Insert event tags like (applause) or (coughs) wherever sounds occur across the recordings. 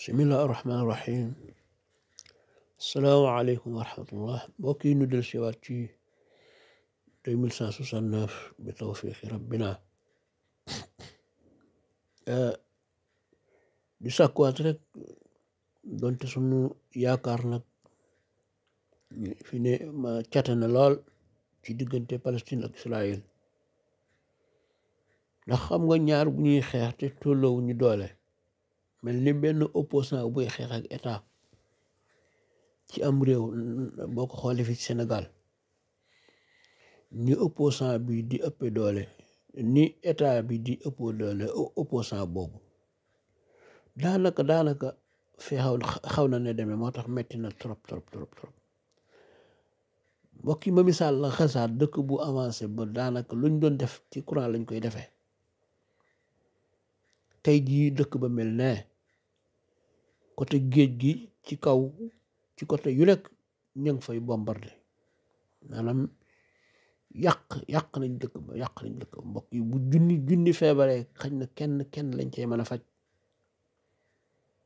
بسم الله الرحمن الرحيم salaamaaleykum wa rahmatullah mbokk yi ñu del siwaat ci 2169 bi tawfiqi rabbina eh, di sàkkuwaat rek donte sunu yaakaar nag fi ne ma na lool ci diggante Palestine ak Israël ndax xam nga ñaar bu ñuy xeex te ñu doole mel ni benn opposant buy xeex ak état ci am réew boo ko xoolee fi ci Sénégal ni opposant bi di ëppee doole ni état bi di ëppoo doole opposant boobu daanaka daanaka fi xaw xaw na ne deme moo tax metti na trop trop trop trop mbokk yi ma misaal la xasaat dëkk bu avancé ba daanaka luñ doon def ci courant lañ koy defee tey jii dëkk ba mel nee côté géej gi ci kaw ci côté yu nekk ñu ngi fay bombardé maanaam yàq yàq nañ dëkk ba yàq mbokk yi bu junni junni feebaree xañ na kenn kenn lañ cee mën a faj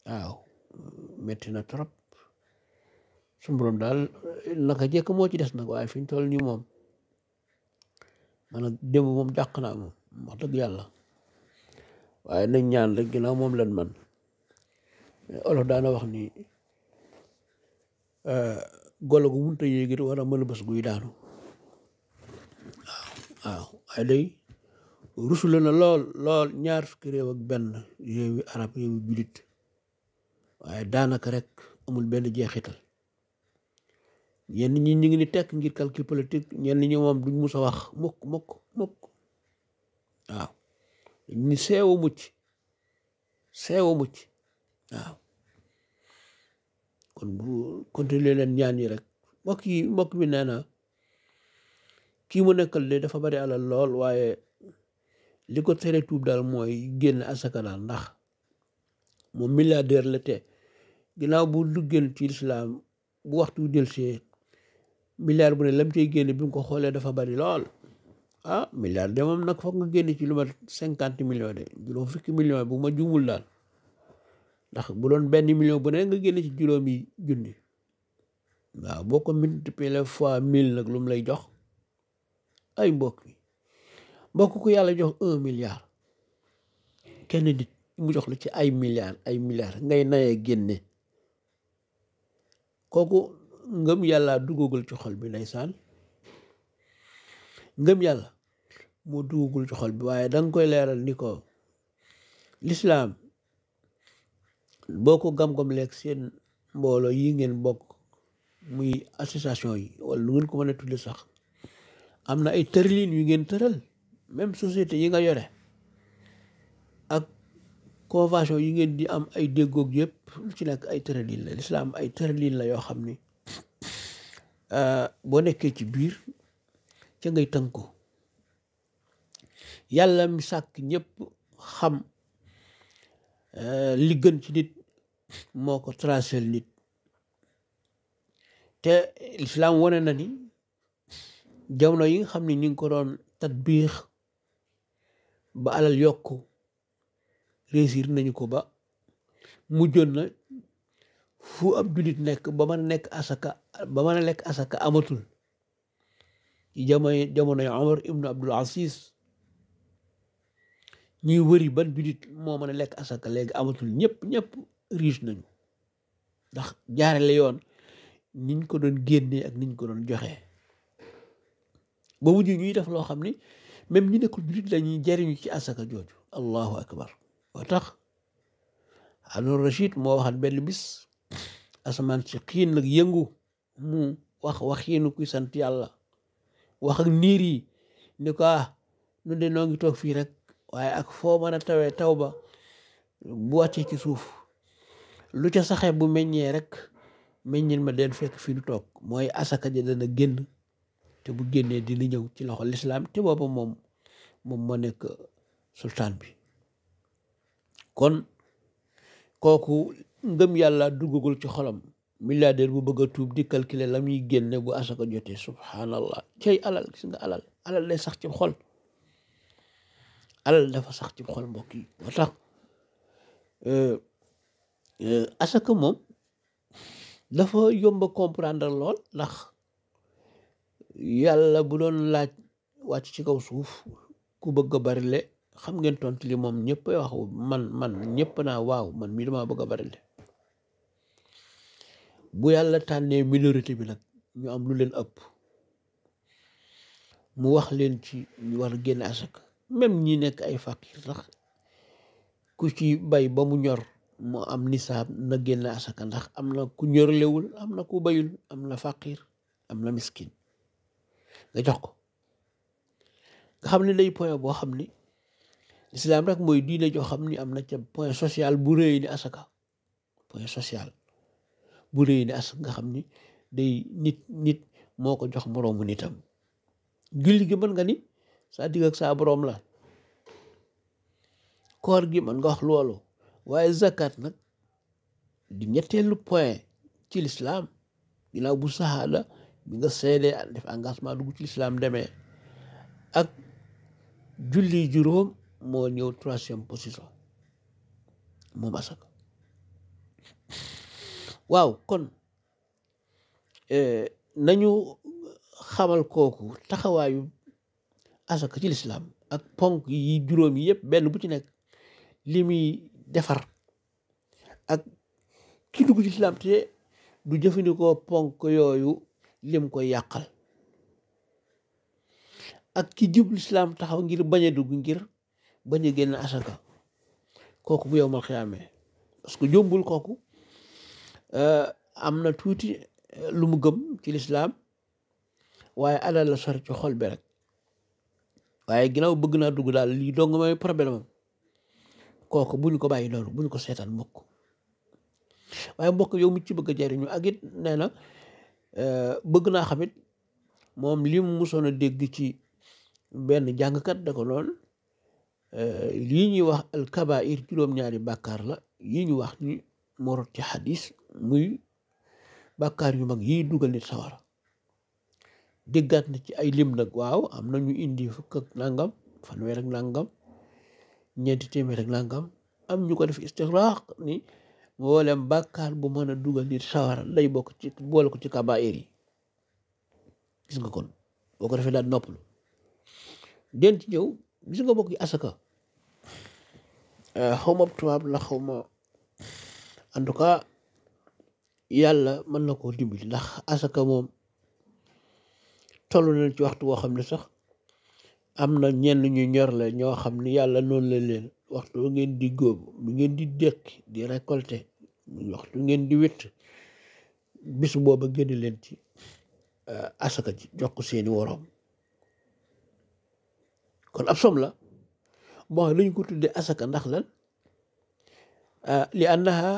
waaw metti na trop suñu borom daal naka jekk moo ci des nag waaye fi ñu toll nii moom man ak démb moom jàq naa moom wax dëgg yàlla waaye nañ ñaan rek ginnaaw moom lan man olof daana wax ni euh, golo gu munta yéegit war a mën a bés guy daanu waaw waaye day rusule na lool lool ñaar fukki réew ak benn réew arab réew yu julit waaye daanaka rek amul benn jeexital ñenn ñi ñu ngi ni tekk ngir calcul politique ñenn ñi moom duñ mus a wax mukk mukk mukk waaw ñu seew a mucc seew a mucc kon bu continuer leen ñaan yi rek mbokk yi mbokk mi nee na kii mu nekkal de dafa bari alal lool waaye li ko tere tuub daal mooy génn asaka daal ndax moom milliardaire la te ginnaaw bu duggeen ci lislaam bu waxtu delsee milliard bu ne lam cey génn bi mu ko xoolee dafa bari lool ah milliard de moom nag foog nga génn ci lu mat cinquante millions de juróom fukki millions bu ma juumul daal ndax bu doon benn million bu ne nga génne ci juróomi junni waaw boo ko multiplier fois mille nag lu lay jox ay mbokk yi mbokk ku yàlla jox un milliard kenn nit mu jox la ci ay milliards ay milliards ngay naye génne kooku ngëm yàlla duggagul ci xol bi ndeysaan ngëm yàlla mu dugul ci xol bi waaye danga koy leeral ni ko lislaam boo ko gam-gam seen mbooloo yi ngeen bokk muy association yi wala lu ngeen ko mën a tudde sax am na ay tërlin yu ngeen tëral même société yi nga yore ak convention yi ngeen di am ay déggoog yëpp lu ci nekk ay tëralin la lislaam ay tëralin la yoo xam ni euh, boo nekkee ci biir ca ngay tënku yàlla mi sàkk ñëpp xam euh, li gën ci nit moo ko tracel nit te lislaam wane na ni jamono yi nga xam ni ñu ngi ko doon tatbiix ba alal yokk réussir nañu ko ba mu mujjoon na fu am jullit nekk ba mën a nekk asaka ba mën a lekk asaka amatul jamono jamono yu Omar ibnu Abdul Aziz ñuy wëri ban jullit moo mën a lekk asaka léegi amatul ñëpp ñëpp riche nañu ndax jaarale yoon niñ ko doon génnee ak niñ ko doon joxe ba mujj ñuy def loo xam ni même ñi nekkul jullit lañuy jariñu ci asaka jooju allahu akbar moo tax alors Rachid moo waxat benn bis asamaan si xiin nag yëngu mu wax waxiinu kuy sant yàlla wax ak yi ni ko ah nun de noo ngi toog fii rek waaye ak foo mën a tawee taw ba bu wàccee ci suuf lu ca saxee bu meññee rek meññil ma den fekk fi nu toog mooy asaka ja dana génn te bu génnee di li ñëw ci loxo lislaam te booba moom moom moo nekk sultaan bi kon kooku ngëm yàlla duggagul ci xolam milliardaire bu bëgg a tuub di calculer la muy génne bu asaka jotee subhanallah cey alal gis nga alal alal day sax ci xol alal dafa sax ci xol mbokk yi tax euh, asaka euh, moom dafa yomb a comprendre lool ndax yàlla bu doon laaj wàcc ci kaw suuf ku bëgg a bari le xam ngeen tontu li moom ñëpp wax man man ñëpp naa waaw man mii damaa bëgg a bari le bu yàlla tànnee minorité bi nag ñu am lu leen ëpp mu wax leen ci ñu war génn asaka même ñi nekk ay fakir sax ku ci bay ba mu ñor mu am nisaab na génn asaka ndax am na ku ñorlewul am na ku bayul am na faqir am na miskin nga jox ko nga xam ne day point boo xam ni lislaam rek mooy diine joo xam ni am na ca point social bu rëy ni asaka point social bu nga xam ni day nit nit moo ko jox moroomu nitam julli gi mën nga ni saa digg ak saa boroom la koor gi mën nga wax loolu waaye zakat nag di ñetteelu point ci lislaam ginnaaw bu saxaada bi nga seedee def engagement dugg ci lislaam demee ak julli juróom moo ñëw troisième position moom asaka waaw kon eh, nañu xamal kooku taxawaayu asaka ci lislaam ak ponk yi juróom yi yëpp benn bu ci nekk li defar ak ki dugg lislaam te du jëfandikoo ponk yooyu lim ko yàqal ak ki jub lislaam taxaw ngir bañ a dugg ngir bañ a génn asaka kooku bu yow mal xiyaamee parce que jombul kooku eh, am na tuuti eh, lu mu gëm ci lislaam waaye alal la sori ci xol bi rek waaye ginnaaw bëgg naa dugg daal lii dong mooy problème kooku bu ñu ko bàyyi loolu bu ñu ko seetaan mbokk waaye mbokk yow mi ci bëgg a jariñu ak it nee na euh, bëgg naa xamit moom li mu musoon a dégg ci benn jàngkat da ko lool euh, lii ñuy wax alkabair juróom-ñaari bàkkaar la yi ñu wax ni morot ci xadis muy bàkkaar yu mag yiy dugal nit sawara déggaat na ci ay lim nag waaw am na ñu indi fukk ak nangam fanweer ak nangam ñeenti téeméer ak nangam am ñu ko def istixraaq ni mboolem bàkkaar bu mën a duggal nit sawara lay bokk ci boole ko ci kabaa'ir yi gis nga kon boo ko defee daal noppalu den ci ñëw gis nga bokk yi asaka eh, xaw ma tubaab la xaw ma en tout cas yàlla mën na koo dimbali ndax asaka moom toll na ci waxtu woo xam ne sax am na ñenn ñu ñor la ñoo xam ni yàlla noonu la leen waxtu ngeen di góob mu ngeen di dékki di récolter waxtu ngeen di witt bis booba génn leen ci eh, asaka ci jox ko seeni woroom kon ab som la bon li ñu ko tuddee asaka ndax lan eh, li annaha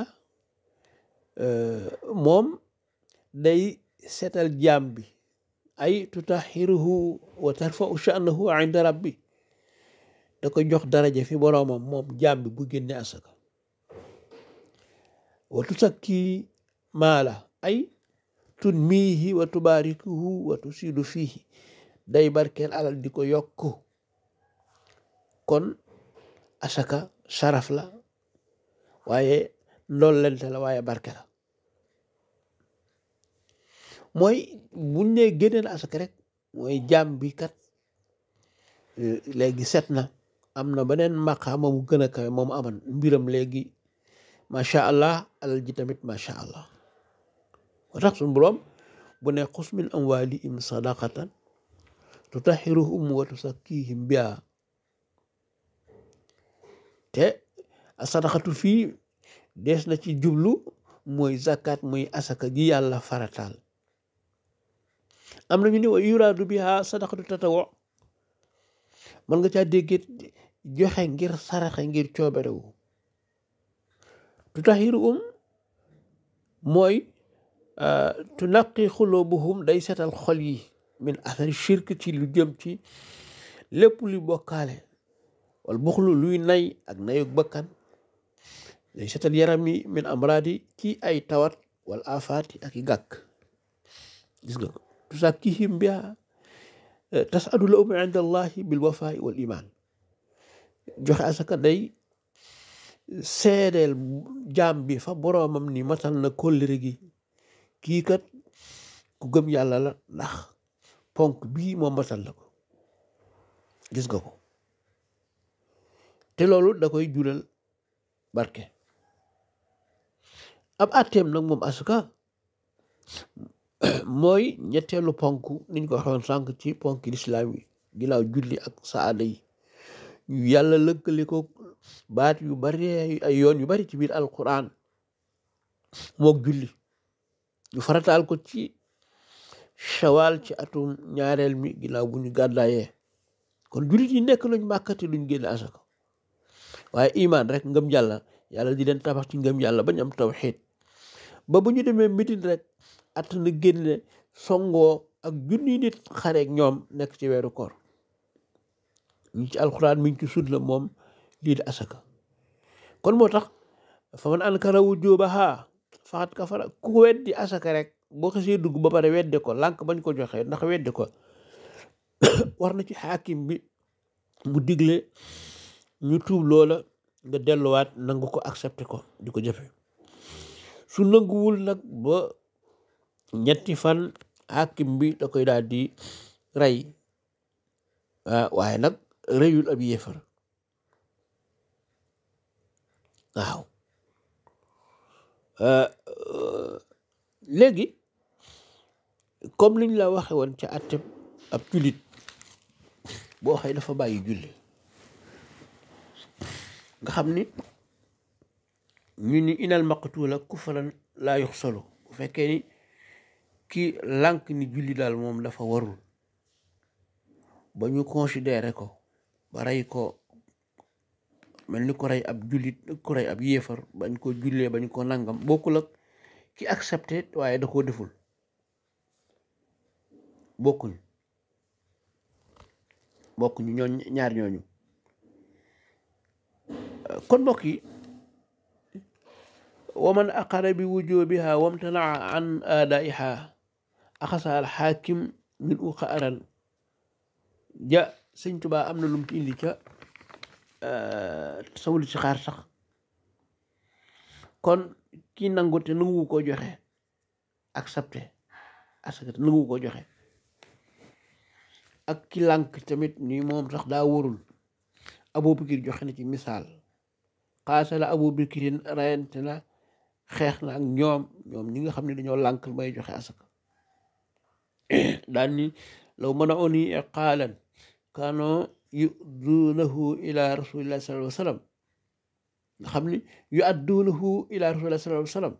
eh, moom day seetal jaam bi ay tutahiruhu wa tarfau sha'nahu inda rabbi da jox daraja fi boroomam moom jaam bi bu génne asaka wa tusakki maala ay tunmiihi wa tubaarikuhu wa tusiidu fiihi day barkeel alal di ko yokk kon asaka saraf la waaye ndolleente la waaye barke mooy buñ ne génne asaka rek mooy jaam bi kat euh, léegi set na am na beneen maqaama mu gën a kawe moom aman mbiram léegi macha allah alal ji tamit macha allah moo tax suñu bu ne xus min amwaalihim sadaqatan tutahiruhum wa tusakkihim biha te sadaqatu fii dees na ci jublu mooy zakat muy asaka gi yàlla farataal am na ñu ni wa yuraadu biha sadaqatu tatawwu mën nga caa dégg joxe ngir saraxe ngir coobarewu tutahiruhum mooy euh, tunaqi xulubuhum day setal xol yi min athari shirk lu jëm ci lépp luy bokkaale wal buxlu luy nay ak nayug bakkan day setal yaram yi min amraadi ci ay tawat wal afaati ak i gàkk nga تزكيهم بها تسعد لهم عند الله بالوفاء والإيمان joxe asaka day seedeel jaam bi fa boroomam ni matal na kóllëre gi kii kat ku gëm yàlla la ndax ponk bii moom matal na ko gis nga ko te loolu da koy jural barke ab àtteem nag moom asaka (coughs) mooy ñetteelu ponk niñ ko waxoon sànq ci ponk lislaam yi ginnaaw julli ak saada yi yàlla lëkkale ko baat yu bari ay yoon yu bari ci biir alquran mook julli yu farataal ko ci shawal ci atum ñaareel mi ginnaaw bu ñu gàddaayee kon jullit yi nekk nañ màkkati luñ génn asaka waaye imaan rek ngëm yàlla yàlla di den tabax ci ngëm yàlla bañ am tawxiid ba bu demee midin rek na génne songoo ak junniy nit xareek ñoom nekk ci weeru koor ñu ci alxuraan mi ngi ci sut la moom lii di asaka kon moo tax fa man ankara wujuubaha faxat kafara ku weddi asaka rek boo xasee dugg ba pare wedde ko lànk bañ ko joxee ndax wedde ko (coughs) war na ci xaakim bi mu digle ñu tuub loola nga delluwaat nangu ko accepté ko di ko jëfe su nanguwul nag ba ñetti fan hakim bi da koy daal di rey ah, waaye nag reyul ab yéefar waaw ah, euh, léegi comme liñ la waxe woon ca àtteb ab jullit boo xëy dafa bàyyi julli nga xam ni ñu ni inal maqtuula kufran laa yox fekkee ni ki lank ni julli daal moom dafa warul ba ñu considéré ko ba rey ko mel ni ko rey ab jullit ko rey ab yéefar bañ ko jullee bañ ko nangam bokkul ak ki accepté waaye da koo deful bokkuñ bokkuñu ñooñ ñaar ñooñu kon mbokk yi wa man aqara bi wujubiha wamtanaa an aadaiha axasa al xaakim min uqa aran ja sëñ tubaa am na lum ci indi ca sawul ci xaar sax kon kii nangu te nangu koo joxe ak accepté asaka te nangu ko joxe ak kii lank tamit ni moom sax daa wóorul abou joxe na ci misaal xaasala abou bikirin rayante na xeex na ak ñoom ñoom ñi nga xam ne dañoo lank may joxe asaka (coughs) daan ni law mana'uni iqaalan kaano yu'duunahu ila rasulillah sallallahu alayhi wa sallam nga xam ni yu adduunahu ila rasulillah sallallahu alayhi wa sallam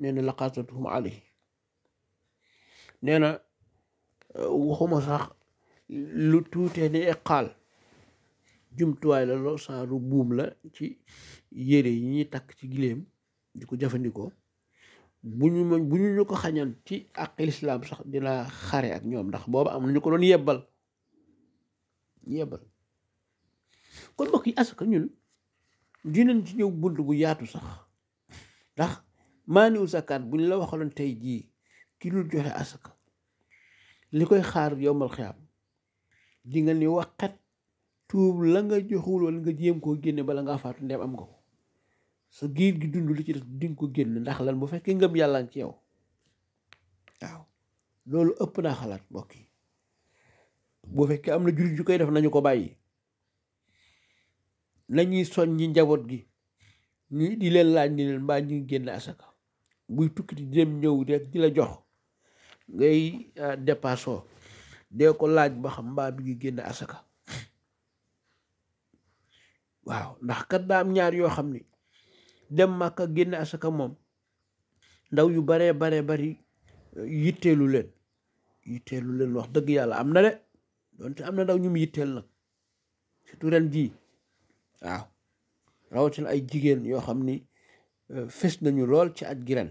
nee na laqaatatuhum alayhi nee na eh, waxuma sax lu tuutee ni iqaal jumtuwaay la loo saaru buum la ci yére yi ñuy takk ci gileem di ko jëfandikoo bu ñu ma bu ñu ñu ko xañoon ci ak lislaam sax dinaa xare ak ñoom ndax booba am na ñu ko doon yebbal yebbal kon mbokk yi asaka ñun dinañ ci ñëw bunt bu yaatu sax ndax maaniwu zakaat bu ñu la waxaloon tey jii ki dul joxe asaka li koy xaar yombal xiyaam di nga ni waxat tuub la nga joxul woon nga jéem koo génne bala nga faatu ndeem am nga ko su giir gi dund li ci def di nga ko génn ndax lan bu fekkee ngëm yàlla ci yow waaw loolu ëpp naa xalaat mbokk yi bu fekkee am na jullit ju koy def nañu ko bàyyi nañuy ñi njaboot gi ñu di leen laaj ni leen mbaa ñu ngi génn asaka buy tukki di dem ñëw rek di la jox ngay ah, dépasso dee ko laaj ba xam mbaa bi ngi génn asaka waaw ndax kat daa am ñaar yoo xam ni dem màkka génne asaka moom ndaw yu baree baree bari yitteelu leen yitteelu leen wax dëgg yàlla am na de doonte am na ndaw ñu mu yitteel nag surtout ren jii waaw rawatina ay jigéen yoo xam ni euh, fes nañu lool ci at gi ren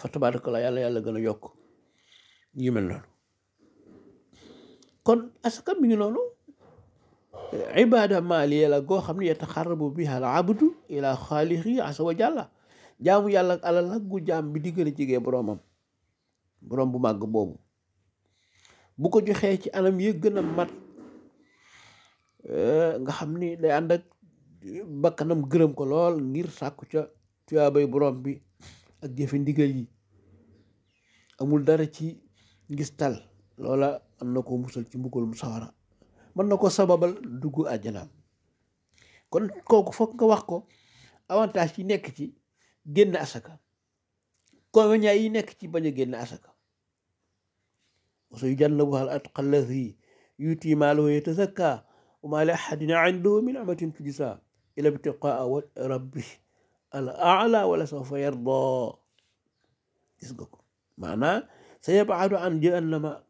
fa tabaaraka la yàlla yàlla gën a yokk yu mel noonu kon asaka mi noonu ibada maaliya la goo xam ne yataxarrabu biha al abdu ila xaaliqi asa jàlla jaamu yàlla ak alal nag gu jaam bi di gën a jege boroom bu màgg boobu bu ko joxee ci anam yi gën a mat eh, nga xam ni day ànd bakkanam gërëm ko lool ngir sàkku ca tuyaabay boroom bi ak jëfe ndigal yi amul dara ci ngis tal loola am na ko musal ci mbugal mu sawara mën na ko sababal dugg àjjanaam kon kooku foog wax ko avantage yi nekk ci génn asaka convénient yi nekk ci bañ a génn asaka wasu yu jannabuha al atqa allazi yuti maalahu yatazakka wa ma li ahadin indahu min amatin tujza ila ibtiqaa wa rabbi al ala wala sawfa yarda gis ko maanaam sa yabadu an jahannama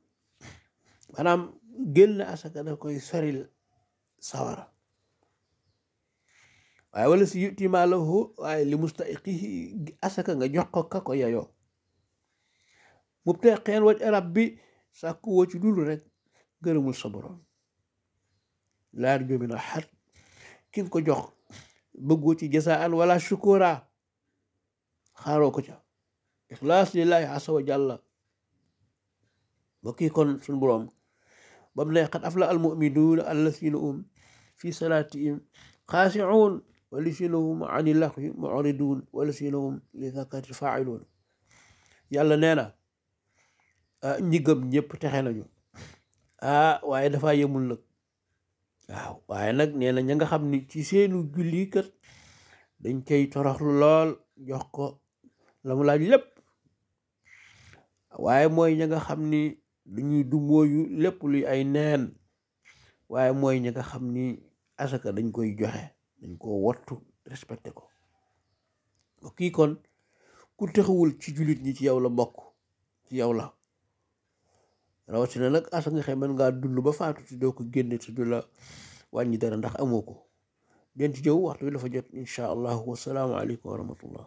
maanaam génn asaka da koy soril sawara waaye wala si yuti maalahu waaye li mustaiqihi asaka nga jox ko ka ko yayoo mubtaqiyan waj arab bi sàkku woo ci dul rek gërëmul sa borom laar jomi na xat ki nga ko jox bëggoo ci jasaan wala shukura xaaroo ko ca ixlaas lillahi asa wa jalla kon suñu borom ba mu ne xat afla almuminuuna allazina hum fi salaatihim xaasicuun wallazina hum ani laxwi mucriduun wallazina hum li zakati faaciluun yàlla nee na ah, ñi gëm ñëpp texe nañu ah waaye dafa yemul nag waaw waaye nag nee na ña nga xam ni ci seenu julli kat dañ cay toroxlu lool jox ko la mu laaj lépp mooy ña nga ni du ñuy du mooyu lépp luy ay neen waaye mooy ñi nga xam ni asaka dañ koy joxe dañ koo wattu respecté ko kii kon ku taxawul ci jullit ñi ci yow la bokk ci yow la rawatina nag asaka nga xam mën ngaa dund ba faatu te doo ko génne te du la wàññi dara ndax amoo ko denc jëw waxtu bi dafa jot incha allahu wasalaamu aleykum wa